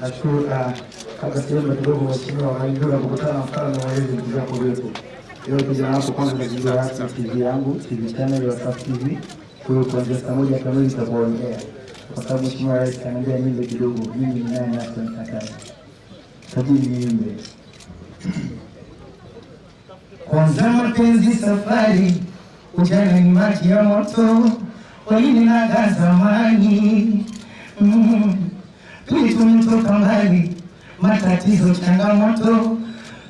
Nashukuru uh, kabla sijema kidogo, mheshimiwa Maindula, kukutana mfano wa hizi ndugu zako wetu leo. Kijana wako kwanza najijua rasmi TV yangu TV channel ya Wasafi TV, kwa hiyo kuanzia saa moja kamili itakuwa kwa sababu mheshimiwa rais kaniambia niimbe kidogo. Mimi ninaye nasa mkatani kabili niimbe kwanza. Mapenzi safari, ujana ni maji ya moto, kwa nini naga zamani mm. tulitumichoka mbali, matatizo changamoto,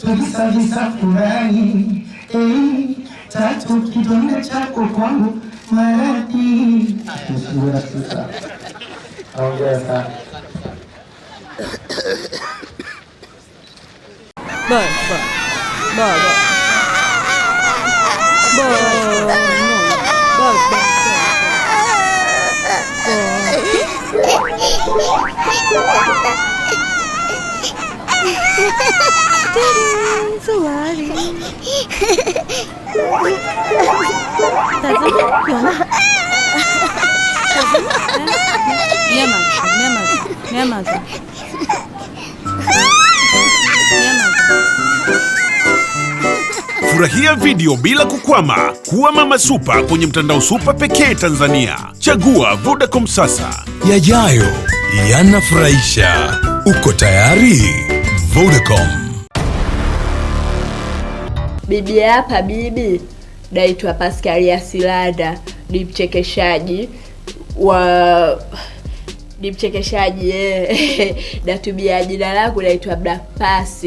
tulisavisa furani eh, tatu kidonda chako kwangu maradhi ishirini na tisa. sana. Bye, bye. Bye, bye. Bye. Sorry. Furahia video bila kukwama. Kuwa mama super kwenye mtandao super pekee Tanzania. Chagua Vodacom sasa. Yajayo yanafurahisha. Uko tayari? Vodacom. Bibi hapa bibi, naitwa Paskali silanda ni mchekeshaji wa ni mchekeshaji eh. natumia jina langu naitwa Black Pass.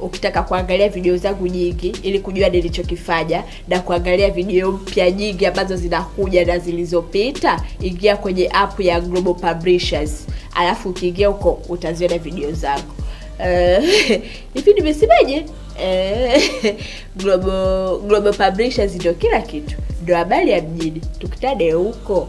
Ukitaka kuangalia video zangu nyingi ili kujua nilichokifanya na kuangalia video mpya nyingi ambazo zinakuja na zilizopita, ingia kwenye app ya Global Publishers, alafu ukiingia huko utaziona video zangu eh, hivi. Nimesemaje? Eh, Global Global Publishers ndio kila kitu, ndio habari ya mjini. Tukutane huko.